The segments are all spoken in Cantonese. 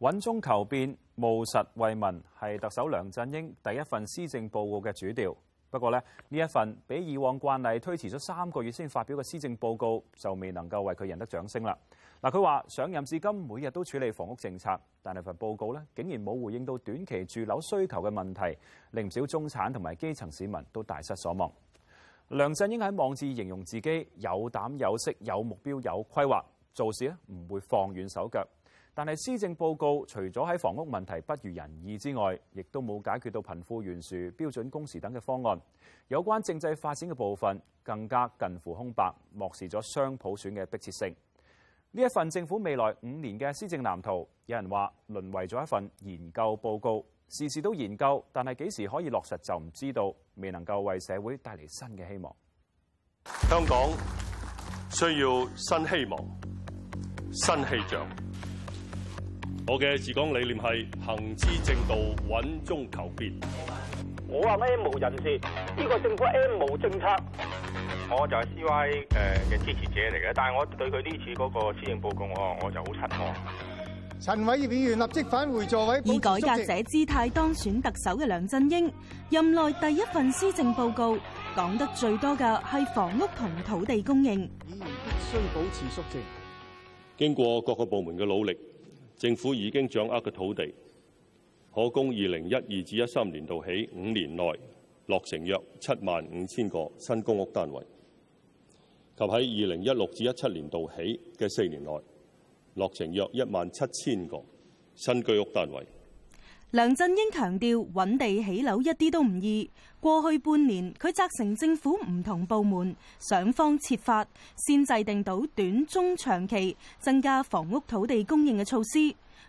穩中求變，務實為民，係特首梁振英第一份施政報告嘅主調。不過呢，呢一份比以往慣例推遲咗三個月先發表嘅施政報告，就未能夠為佢贏得掌聲啦。嗱，佢話上任至今每日都處理房屋政策，但係份報告呢竟然冇回應到短期住樓需求嘅問題，令唔少中產同埋基層市民都大失所望。梁振英喺網誌形容自己有膽有識，有目標有規劃，做事咧唔會放軟手腳。但係施政報告除咗喺房屋問題不如人意之外，亦都冇解決到貧富懸殊、標準工時等嘅方案。有關政制發展嘅部分更加近乎空白，漠視咗雙普選嘅迫切性。呢一份政府未來五年嘅施政藍圖，有人話淪為咗一份研究報告，事事都研究，但係幾時可以落實就唔知道，未能夠為社會帶嚟新嘅希望。香港需要新希望、新氣象。我嘅治港理念係行之正道，穩中求變，我話咩無人士，呢個政府 M 無政策。我就係 CY 誒嘅支持者嚟嘅，但係我對佢呢次嗰個施政報告，我我就好失望。陳偉業議員立即返回座位，保持肅靜。以改革者姿態當選特首嘅梁振英，任內第一份施政報告講得最多嘅係房屋同土地供應，議員必須保持肅靜，經過各個部門嘅努力。政府已經掌握嘅土地，可供二零一二至一三年度起五年內落成約七萬五千個新公屋單位，及喺二零一六至一七年度起嘅四年內落成約一萬七千個新居屋單位。梁振英強調搵地起樓一啲都唔易。過去半年，佢責成政府唔同部門想方設法，先制定到短中長期增加房屋土地供應嘅措施。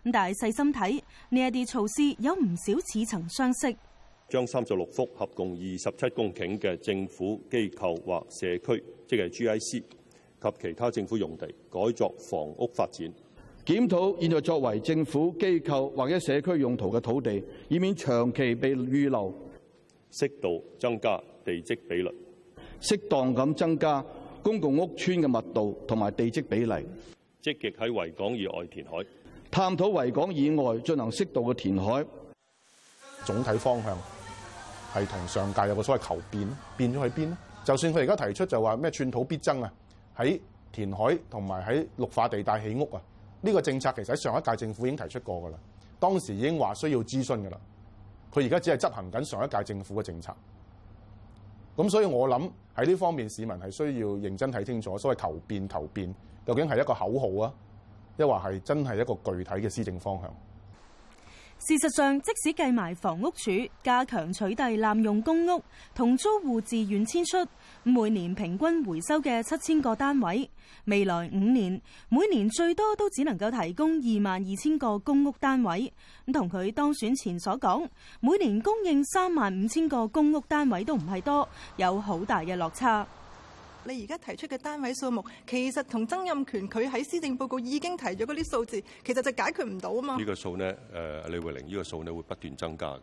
咁但係細心睇呢一啲措施有唔少似曾相識，將三十六幅合共二十七公頃嘅政府機構或社區，即係 GIC 及其他政府用地，改作房屋發展。檢討現在作為政府機構或者社區用途嘅土地，以免長期被預留。適度增加地積比率，適當咁增加公共屋邨嘅密度同埋地積比例。積極喺維港以外填海，探討維港以外進行適度嘅填海。總體方向係同上屆有個所謂求變，變咗喺邊呢？就算佢而家提出就話咩寸土必爭啊，喺填海同埋喺綠化地帶起屋啊。呢、這個政策其實喺上一屆政府已經提出過噶啦，當時已經話需要諮詢噶啦。佢而家只係執行緊上一屆政府嘅政策。咁所以我諗喺呢方面市民係需要認真睇清楚，所謂求變求變究竟係一個口號啊，抑或係真係一個具體嘅施政方向。事實上，即使計埋房屋署加強取締濫用公屋同租戶自願遷出，每年平均回收嘅七千個單位，未來五年每年最多都只能夠提供二萬二千個公屋單位。同佢當選前所講每年供應三萬五千個公屋單位都唔係多，有好大嘅落差。你而家提出嘅單位數目，其實同曾蔭權佢喺施政報告已經提咗嗰啲數字，其實就解決唔到啊嘛！呢、這個數呢，誒、呃、李慧玲，呢、這個數呢會不斷增加嘅。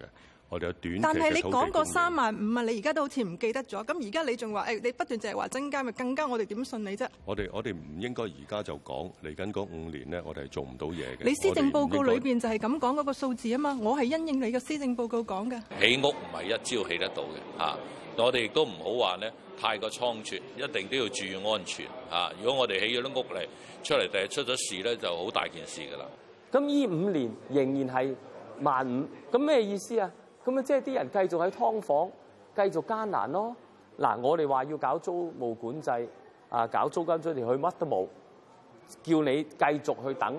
我哋有短期嘅。但係你講過三萬五啊，你而家都好似唔記得咗。咁而家你仲話誒，你不斷就係話增加，咪更加我哋點信你啫？我哋我哋唔應該而家就講，嚟緊嗰五年呢，我哋係做唔到嘢嘅。你施政報告裏邊就係咁講嗰個數字啊嘛，我係因應你嘅施政報告講嘅。起屋唔係一朝起得到嘅，嚇、啊。我哋亦都唔好話咧，太過倉促，一定都要注意安全嚇。如果我哋起咗啲屋嚟出嚟，第日出咗事咧，就好大件事㗎啦。咁依五年仍然係萬五，咁咩意思啊？咁啊，即係啲人繼續喺劏房，繼續艱難咯。嗱，我哋話要搞租務管制啊，搞租金出嚟，去乜都冇，叫你繼續去等。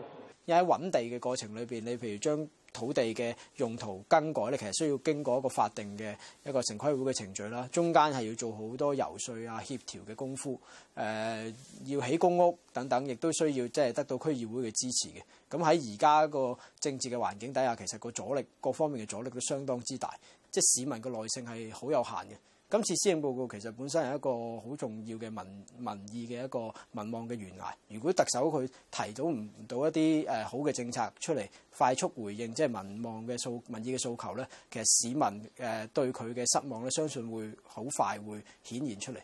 而喺揾地嘅過程裏邊，你譬如將土地嘅用途更改咧，其實需要經過一個法定嘅一個城規會嘅程序啦，中間係要做好多遊說啊、協調嘅功夫。誒、呃、要起公屋等等，亦都需要即係得到區議會嘅支持嘅。咁喺而家個政治嘅環境底下，其實個阻力各方面嘅阻力都相當之大，即係市民嘅耐性係好有限嘅。今次施政報告其實本身係一個好重要嘅民民意嘅一個民望嘅懸崖。如果特首佢提到唔到一啲好嘅政策出嚟，快速回應即係、就是、民望嘅訴民意嘅訴求咧，其實市民誒對佢嘅失望咧，相信會好快會顯現出嚟。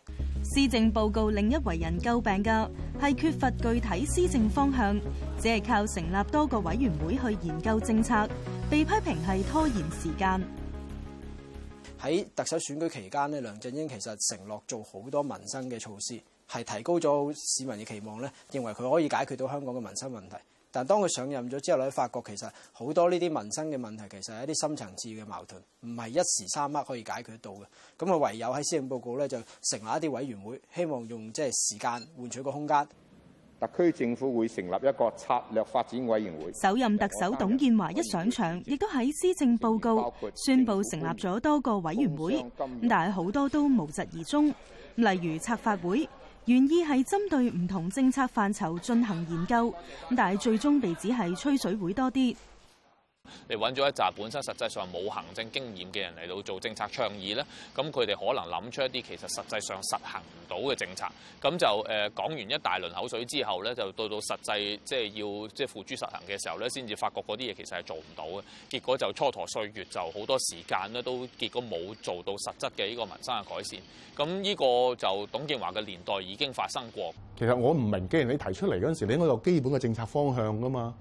施政報告另一為人究病嘅係缺乏具體施政方向，只係靠成立多個委員會去研究政策，被批評係拖延時間。喺特首選舉期間呢，梁振英其實承諾做好多民生嘅措施，係提高咗市民嘅期望呢，認為佢可以解決到香港嘅民生問題。但當佢上任咗之後咧，發覺其實好多呢啲民生嘅問題其實係一啲深層次嘅矛盾，唔係一時三刻可以解決到嘅。咁佢唯有喺施政報告呢，就成立一啲委員會，希望用即係時間換取個空間。特區政府會成立一個策略發展委員會。首任特首董建華一上場，亦都喺施政報告宣佈成立咗多個委員會，但係好多都無疾而終。例如策發會，原意係針對唔同政策範疇進行研究，但係最終被指係吹水會多啲。你揾咗一紮本身實際上冇行政經驗嘅人嚟到做政策倡議咧，咁佢哋可能諗出一啲其實實際上實行唔到嘅政策，咁就誒、呃、講完一大輪口水之後咧，就到到實際即係要即係付諸實行嘅時候咧，先至發覺嗰啲嘢其實係做唔到嘅，結果就蹉跎歲月就好多時間咧，都結果冇做到實質嘅呢個民生嘅改善。咁呢個就董建華嘅年代已經發生過。其實我唔明白，既然你提出嚟嗰陣時候，你應該有基本嘅政策方向噶嘛？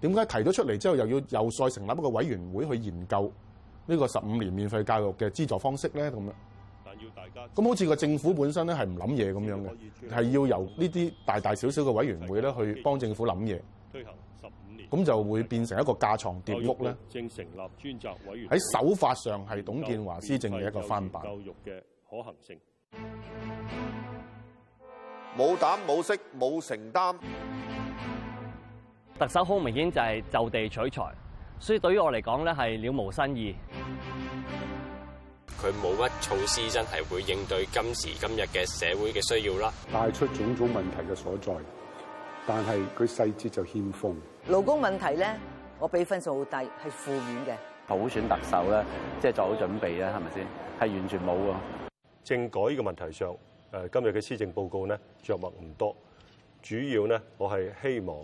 點解提咗出嚟之後，又要又再成立一個委員會去研究呢個十五年免費教育嘅資助方式咧？咁樣。但要大家咁好似個政府本身咧，係唔諗嘢咁樣嘅，係要由呢啲大大小小嘅委員會咧去幫政府諗嘢。推行十五年。咁就會變成一個架牀疊屋咧。正成立專責委員。喺手法上係董建華施政嘅一個翻版。教育嘅可行性。冇膽冇識冇承擔。特首好明顯就係就地取材，所以對於我嚟講咧係了無新意。佢冇乜措施，真係會應對今時今日嘅社會嘅需要啦。帶出種種問題嘅所在，但係佢細節就欠奉。勞工問題咧，我俾分數好低，係負面嘅。普選特首咧，即係做好準備啊，係咪先？係完全冇喎。政改呢個問題上，誒、呃、今日嘅施政報告咧着墨唔多，主要咧我係希望。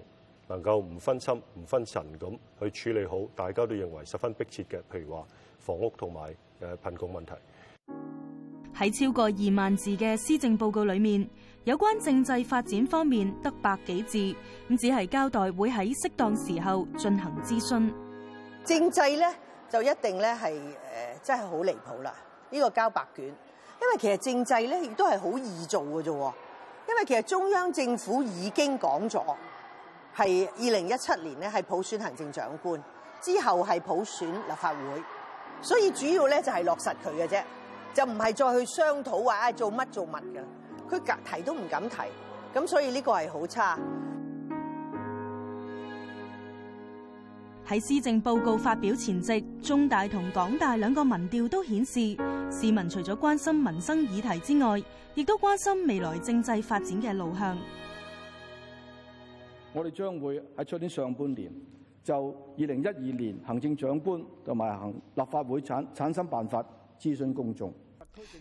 能夠唔分心、唔分神咁去處理好，大家都認為十分迫切嘅。譬如話房屋同埋誒貧窮問題。喺超過二萬字嘅施政報告裏面，有關政制發展方面得百幾字，咁只係交代會喺適當時候進行諮詢。政制呢就一定呢係誒真係好離譜啦！呢個交白卷，因為其實政制呢亦都係好易做㗎啫。因為其實中央政府已經講咗。係二零一七年咧，係普選行政長官，之後係普選立法會，所以主要咧就係落實佢嘅啫，就唔係再去商討話做乜做乜嘅，佢提都唔敢提，咁所以呢個係好差。喺施政報告發表前夕，中大同港大兩個民調都顯示，市民除咗關心民生議題之外，亦都關心未來政制發展嘅路向。我哋將會喺出年上半年就二零一二年行政長官同埋行立法會產產生辦法諮詢公眾。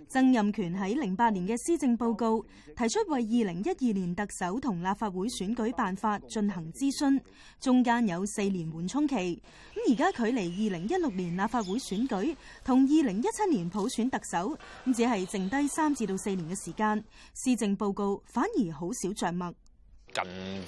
曾蔭權喺零八年嘅施政報告提出，為二零一二年特首同立法會選舉辦法進行諮詢，中間有四年緩衝期。咁而家距離二零一六年立法會選舉同二零一七年普選特首，只係剩低三至到四年嘅時間。施政報告反而好少着墨。近年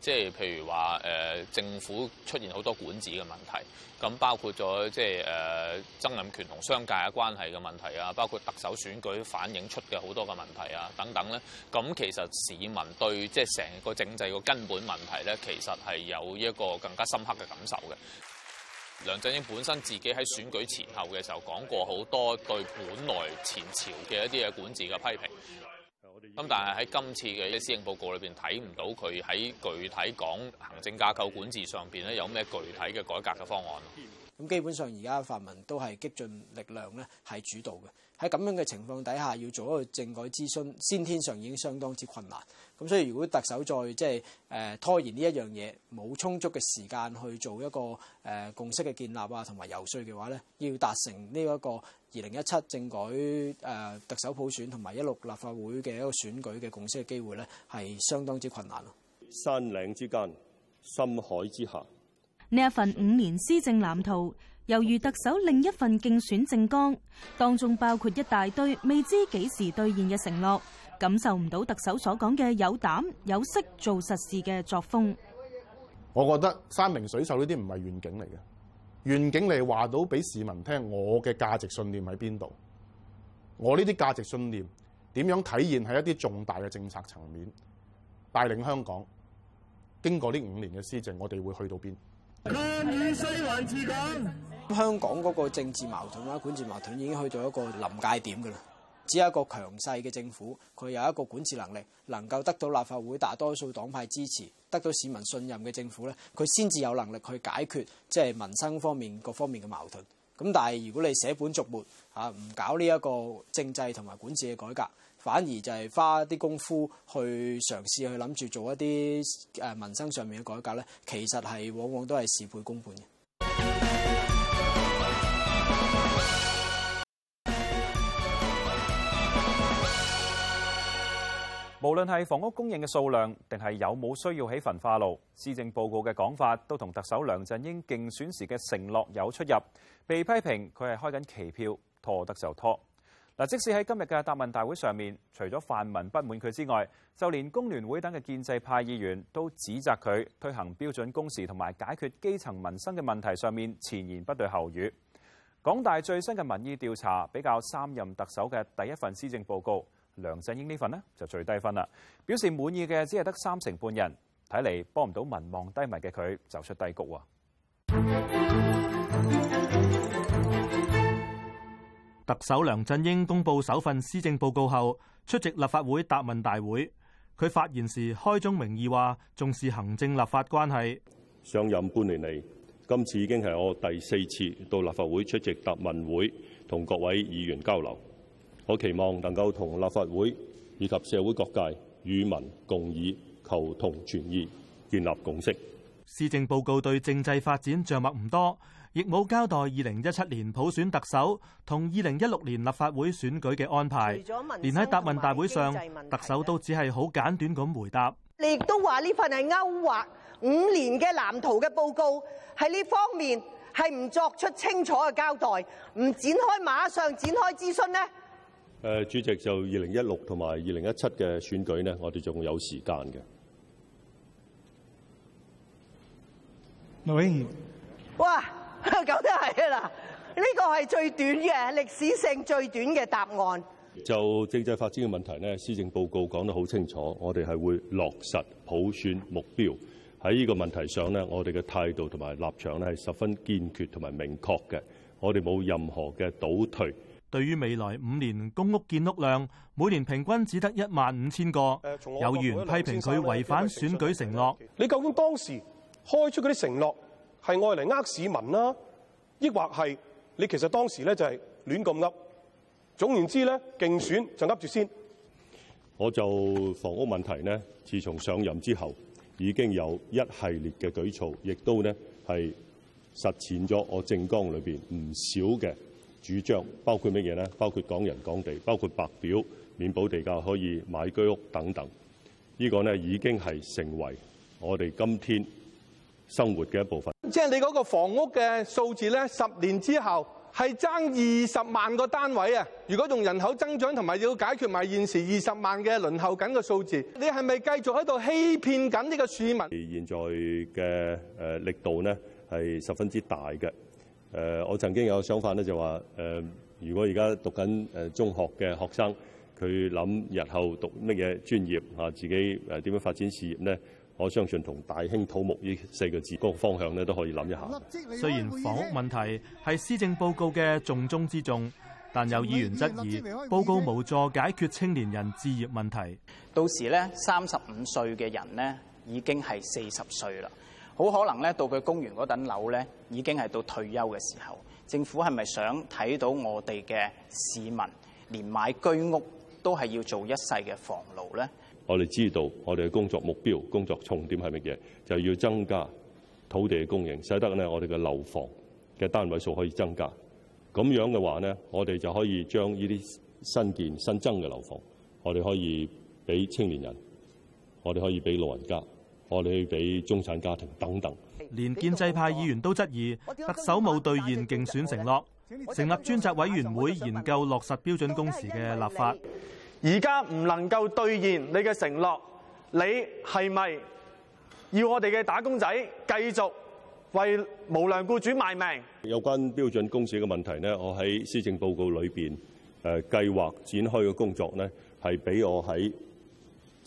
即係譬如話誒、呃、政府出現好多管治嘅問題，咁包括咗即係誒曾蔭權同商界嘅關係嘅問題啊，包括特首選舉反映出嘅好多嘅問題啊等等咧，咁其實市民對即係成個政制嘅根本問題咧，其實係有一個更加深刻嘅感受嘅。梁振英本身自己喺選舉前後嘅時候講過好多對本來前朝嘅一啲嘅管治嘅批評。咁但係喺今次嘅一啲施政報告裏面睇唔到佢喺具體講行政架構管治上面咧，有咩具體嘅改革嘅方案。咁基本上而家泛民都係激進力量咧，係主導嘅。喺咁樣嘅情況底下，要做一個政改諮詢，先天上已經相當之困難。咁所以，如果特首再即係誒拖延呢一樣嘢，冇充足嘅時間去做一個誒、呃、共識嘅建立啊，同埋游説嘅話咧，要達成呢一個二零一七政改誒、呃、特首普選同埋一六立法會嘅一個選舉嘅共識嘅機會咧，係相當之困難咯、啊。山嶺之間，深海之下，呢一份五年施政藍圖。由於特首另一份競選政綱當中包括一大堆未知幾時兌現嘅承諾，感受唔到特首所講嘅有膽有識做實事嘅作風。我覺得山明水秀呢啲唔係願景嚟，嘅願景嚟話到俾市民聽我嘅價值信念喺邊度，我呢啲價值信念點樣體現喺一啲重大嘅政策層面，帶領香港經過呢五年嘅施政，我哋會去到邊？暗語西環自簡。香港嗰個政治矛盾啦，管治矛盾已經去到一個臨界點嘅啦。只有一個強勢嘅政府，佢有一個管治能力，能夠得到立法會大多數黨派支持，得到市民信任嘅政府呢，佢先至有能力去解決即係民生方面各方面嘅矛盾。咁但係如果你捨本逐末啊，唔搞呢一個政制同埋管治嘅改革，反而就係花啲功夫去嘗試去諗住做一啲誒民生上面嘅改革呢，其實係往往都係事倍功半嘅。無論係房屋供應嘅數量，定係有冇需要起焚化爐，施政報告嘅講法都同特首梁振英競選時嘅承諾有出入，被批評佢係開緊期票，拖得就拖嗱。即使喺今日嘅答問大會上面，除咗泛民不滿佢之外，就連工聯會等嘅建制派議員都指責佢推行標準工時同埋解決基層民生嘅問題上面前言不對後語。港大最新嘅民意調查比較三任特首嘅第一份施政報告。梁振英呢份呢就最低分啦，表示滿意嘅只係得三成半人，睇嚟幫唔到民望低迷嘅佢走出低谷。特首梁振英公布首份施政報告後，出席立法會答問大會，佢發言時開宗明義話：重視行政立法關係。上任半年嚟，今次已經係我第四次到立法會出席答問會同各位議員交流。我期望能夠同立法會以及社會各界與民共議，求同存異，建立共識。施政報告對政制發展著墨唔多，亦冇交代二零一七年普選特首同二零一六年立法會選舉嘅安排。連喺答問大會上，特首都只係好簡短咁回答。你亦都話呢份係勾畫五年嘅藍圖嘅報告，喺呢方面係唔作出清楚嘅交代，唔展開馬上展開諮詢呢？誒主席，就二零一六同埋二零一七嘅選舉呢，我哋仲有時間嘅。劉英，哇，咁都係啦，呢個係最短嘅歷史性最短嘅答案。就政制發展嘅問題呢，施政報告講得好清楚，我哋係會落實普選目標。喺呢個問題上呢，我哋嘅態度同埋立場呢，係十分堅決同埋明確嘅，我哋冇任何嘅倒退。對於未來五年公屋建屋量，每年平均只得一萬五千個，有議員批評佢違反選舉承諾，嗯。你究竟當時開出嗰啲承諾係愛嚟呃市民啦，啊，抑或係你其實當時咧就係亂咁噏？總言之咧，競選就噏住先。我就房屋問題呢，自從上任之後，已經有一系列嘅舉措，亦都呢係實踐咗我政綱裏邊唔少嘅。主張包括乜嘢咧？包括港人港地，包括白表免補地價可以買居屋等等。呢個咧已經係成為我哋今天生活嘅一部分。即係你嗰個房屋嘅數字咧，十年之後係爭二十萬個單位啊！如果用人口增長同埋要解決埋現時二十萬嘅輪候緊嘅數字，你係咪繼續喺度欺騙緊呢個市民？現在嘅力度咧係十分之大嘅。誒，我曾經有想法咧，就話誒，如果而家讀緊誒中學嘅學生，佢諗日後讀乜嘢專業啊，自己誒點樣發展事業呢，我相信同大興土木呢四個字嗰個方向咧都可以諗一下。雖然房屋問題係施政報告嘅重中之重，但有議員質疑報告無助解決青年人置業問題。到時咧，三十五歲嘅人呢已經係四十歲啦。好可能咧，到佢供完嗰等樓咧，已經係到退休嘅時候。政府係咪想睇到我哋嘅市民連買居屋都係要做一世嘅房奴咧？我哋知道，我哋嘅工作目標，工作重點係乜嘢？就要增加土地嘅供應，使得咧我哋嘅樓房嘅單位數可以增加。咁樣嘅話咧，我哋就可以將呢啲新建新增嘅樓房，我哋可以俾青年人，我哋可以俾老人家。我哋去俾中產家庭等等，連建制派議員都質疑特首冇兌現競選承諾，就是，成立專責委員會研究落實標準工時嘅立法。而家唔能夠兌現你嘅承諾，你係咪要我哋嘅打工仔繼續為無良僱主賣命？有關標準工時嘅問題呢，我喺施政報告裏邊誒計劃展開嘅工作呢，係俾我喺。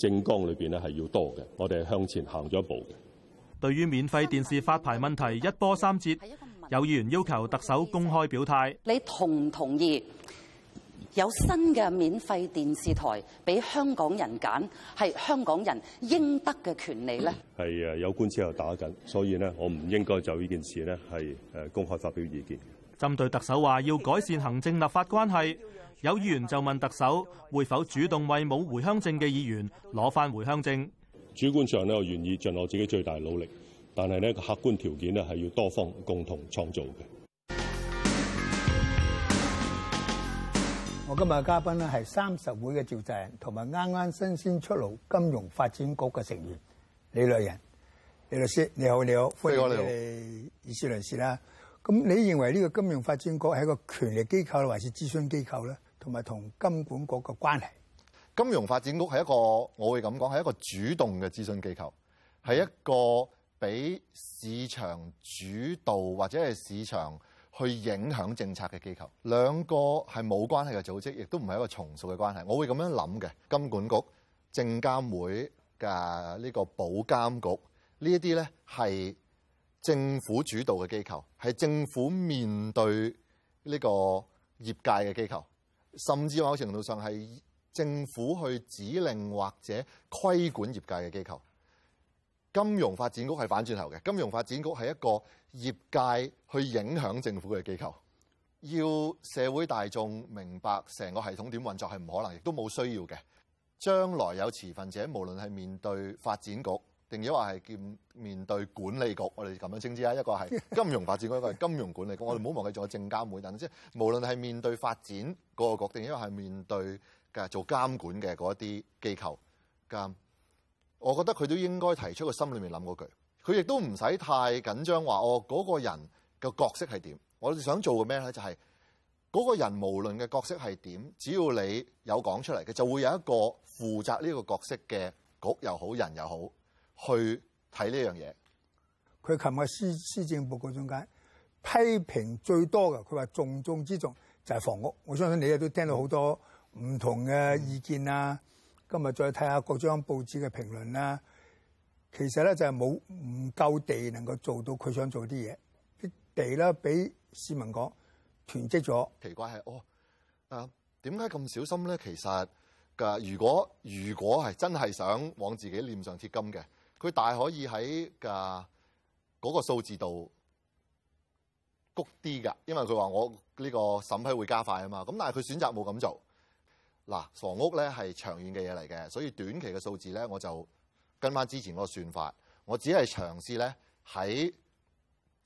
政綱裏邊咧係要多嘅，我哋係向前行咗一步嘅。對於免費電視發牌問題一波三折，有議員要求特首公開表態。你同唔同意有新嘅免費電視台俾香港人揀係香港人應得嘅權利呢？係誒，有官司又打緊，所以呢，我唔應該就呢件事呢係誒公開發表意見。針對特首話要改善行政立法關係，有議員就問特首會否主動為冇回鄉證嘅議員攞翻回鄉證。主觀上呢我願意盡我自己最大努力，但係呢個客觀條件呢係要多方共同創造嘅。我今日嘅嘉賓呢係三十會嘅召集人同埋啱啱新鮮出爐金融發展局嘅成員李律仁。李律師，你好，你好，歡迎我哋以斯律師啦。咁你認為呢個金融發展局係一個權力機構咧，還是諮詢機構咧？同埋同金管局嘅關係，金融發展局係一個，我會咁講係一個主動嘅諮詢機構，係一個俾市場主導或者係市場去影響政策嘅機構。兩個係冇關係嘅組織，亦都唔係一個從屬嘅關係。我會咁樣諗嘅，金管局、證監會嘅呢個保監局呢啲呢一啲咧係，政府主導嘅機構，係政府面對呢個業界嘅機構，甚至話，某程度上係政府去指令或者規管業界嘅機構。金融發展局係反轉頭嘅，金融發展局係一個業界去影響政府嘅機構，要社會大眾明白成個系統點運作係唔可能，亦都冇需要嘅。將來有持份者，無論係面對發展局。定要話係見面對管理局，我哋咁樣稱之啦。一個係金融發展，一個係金融管理局。 我哋唔好忘記做有監會，會等。即係無論係面對發展個局定，一個係面對嘅做監管嘅嗰一啲機構，監我覺得佢都應該提出個心裏面諗嗰句，佢亦都唔使太緊張話哦嗰、那個人嘅角色係點，我哋想做嘅咩咧？就係、是、嗰、那個人無論嘅角色係點，只要你有講出嚟嘅，就會有一個負責呢個角色嘅局又好，人又好。去睇呢樣嘢。佢琴日施施政報告中間批評最多嘅，佢話重中之重就係房屋。我相信你哋都聽到好多唔同嘅意見啊。嗯、今日再睇下各張報紙嘅評論啦。其實咧就係冇唔夠地能夠做到佢想做啲嘢。啲地咧俾市民講囤積咗，奇怪係哦啊，點解咁小心咧？其實嘅、啊、如果如果係真係想往自己臉上貼金嘅。佢大可以喺嘅嗰個數字度谷啲㗎，因為佢話我呢個審批會加快啊嘛。咁但係佢選擇冇咁做。嗱，房屋咧係長遠嘅嘢嚟嘅，所以短期嘅數字咧我就跟翻之前嗰個算法。我只係嘗試咧喺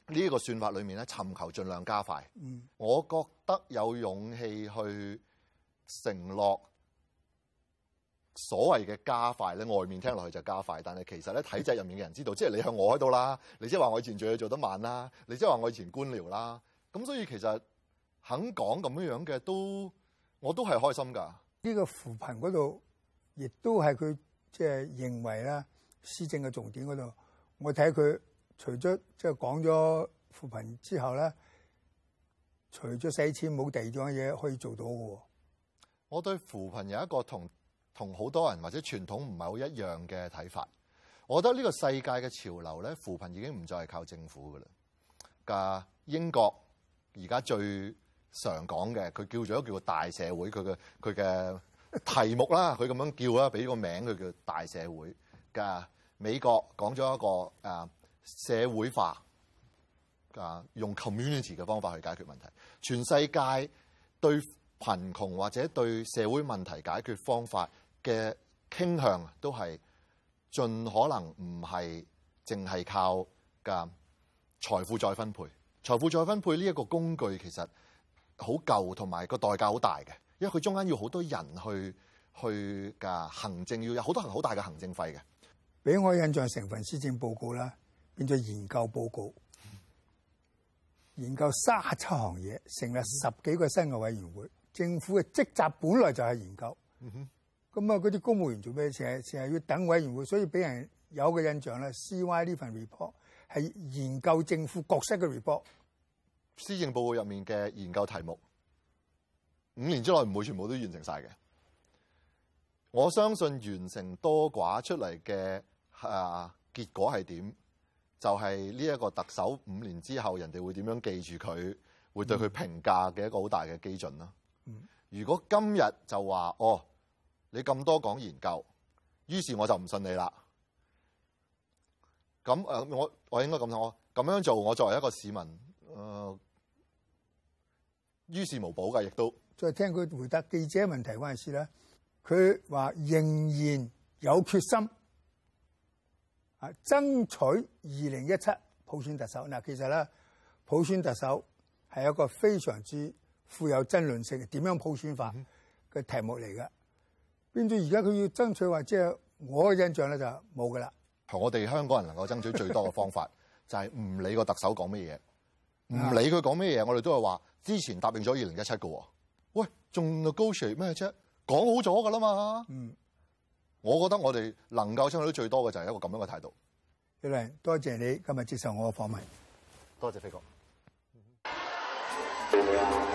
呢一個算法裡面咧尋求盡量加快。嗯。我覺得有勇氣去承諾。所謂嘅加快咧，外面聽落去就加快，但係其實咧體制入面嘅人知道，即係你向我喺度啦，你即係話我以前做嘢做得慢啦，你即係話我以前官僚啦，咁所以其實肯講咁樣樣嘅都，我都係開心㗎。呢個扶貧嗰度，亦都係佢即係認為咧施政嘅重點嗰度。我睇佢除咗即係講咗扶貧之後咧，除咗使錢冇地咗嘅嘢可以做到嘅。我對扶貧有一個同同好多人或者傳統唔係好一樣嘅睇法，我覺得呢個世界嘅潮流咧，扶貧已經唔再係靠政府㗎啦。嘅英國而家最常講嘅，佢叫咗叫大社會，佢嘅佢嘅題目啦，佢咁樣叫啦，俾個名佢叫大社會。嘅美國講咗一個誒社會化，嘅用 community 嘅方法去解決問題。全世界對貧窮或者對社會問題解決方法，嘅傾向都係盡可能唔係淨係靠嘅、啊、財富再分配。財富再分配呢一個工具其實好舊，同埋個代價好大嘅，因為佢中間要好多人去去嘅行政，要有好多好大嘅行政費嘅。俾我印象成份施政報告啦，變咗研究報告，研究卅七行嘢，成立十幾個新嘅委員會。政府嘅職責本來就係研究。嗯、哼。咁啊！嗰啲公務員做咩？成日成日要等委員會，所以俾人有嘅印象咧。C.Y. 呢份 report 係研究政府角色嘅 report，施政報告入面嘅研究題目五年之內唔會全部都完成晒嘅。我相信完成多寡出嚟嘅啊結果係點，就係呢一個特首五年之後，人哋會點樣記住佢，會對佢評價嘅一個好大嘅基準啦。嗯，如果今日就話哦。你咁多講研究，於是我就唔信你啦。咁誒，我我應該咁講，咁樣做，我作為一個市民，誒、呃，於事無補㗎，亦都。再聽佢回答記者問題嗰陣時咧，佢話仍然有決心啊，爭取二零一七普選特首。嗱，其實咧，普選特首係一個非常之富有爭論性嘅點樣普選法嘅題目嚟嘅。變咗而家佢要爭取話，即係我嘅印象咧就冇噶啦。我哋香港人能夠爭取最多嘅方法， 就係唔理個特首講乜嘢，唔理佢講乜嘢，我哋都係話之前答應咗二零一七嘅喎。喂，仲 negotiate 咩啫？講好咗噶啦嘛。嗯，我覺得我哋能夠爭取到最多嘅就係一個咁樣嘅態度。律仁，多謝你今日接受我嘅訪問。多謝飛哥。嗯